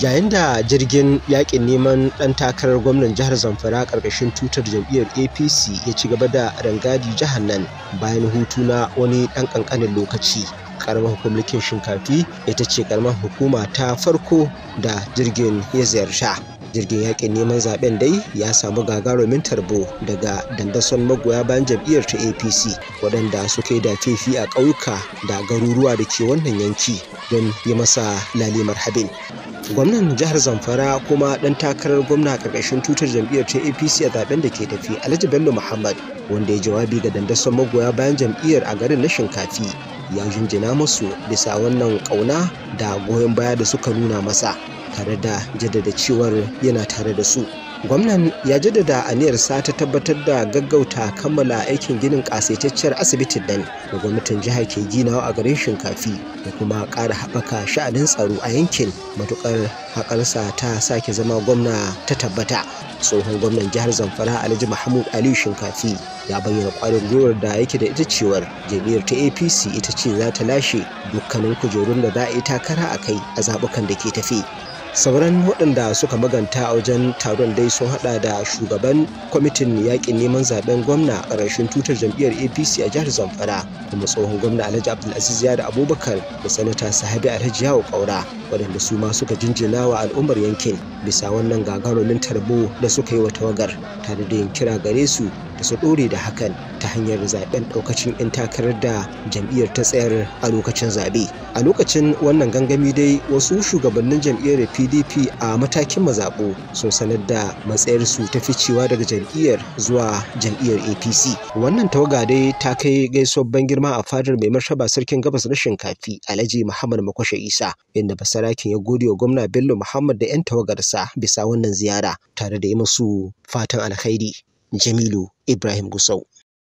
yayin da jirgin yakin neman dan takarar gwamnan jihar zamfara karkashin tutar jam'iyyar apc ya ci gaba da rangadi jihar nan bayan hutu na wani dan kankanin lokaci karamar hukumlikin shinkafi ita ce karamar hukuma ta farko da jirgin ya ziyarta jirgin yakin neman zaben dai ya samu gagarumin tarbo daga dandason magoya bayan jam'iyyar ta apc waɗanda suka yi da kefi a ƙauyuka da garuruwa da ke wannan yanki don yi masa lalimar habin gwamnan jihar zamfara kuma dan takarar gwamna karkashin tutar jam'iyyar ta apc a zaben da ke tafi alhaji bello muhammad wanda ya jawabi ga dandason magoya bayan jam'iyyar a garin na shinkafi ya jinjina musu bisa wannan kauna da goyon baya da suka nuna masa tare da jaddada cewar yana tare da su gwamnan ya jaddada sa ta tabbatar da gaggauta kammala aikin ginin kasaitacciyar asibitin nan da gwamnatin jihar ke ginawa a garin shinkafi da kuma ƙara haɓaka sha'anin tsaro a yankin matuƙar haƙarsa ta sake zama gwamna ta tabbata tsohon gwamnan jihar zamfara alhaji mahmud Ali shinkafi ya bayyana ƙwarin gwiwar da yake da ita cewar jam'iyyar ta apc ita ce za ta lashe dukkanin kujerun da za a yi takara a kai a zaɓukan da ke tafi sauran waɗanda suka maganta a wajen taron dai sun hada da shugaban kwamitin yakin neman zaben gwamna a ƙarshen tutar jam'iyyar apc a jihar zamfara kuma tsohon gwamna alhaji abdulaziz yada abubakar da sanata sahabi alhaji yawo kaura waɗanda su ma suka jinjina wa al'ummar yankin bisa wannan gagarumin tarbo da suka yi wa tawagar tare da yin kira gare su da su ɗore da hakan ta hanyar zaɓen ɗaukacin 'yan takarar da jam'iyyar ta tsayar a lokacin zaɓe a lokacin wannan gangami dai wasu shugabannin jam'iyyar pdp a matakin mazaɓu sun sanar da matsayarsu ta ficewa daga jam'iyyar zuwa jam'iyyar apc wannan tawaga dai ta kai gaisuwar ban girma a fadar mai martaba sarkin gabas na shinkafi alhaji muhammad makwashe isa inda basarakin ya gode wa gwamna bello muhammad da 'yan tawagarsa bisa wannan ziyara tare da yi musu fatan alkhairi Jamilu Ibrahim Gusau.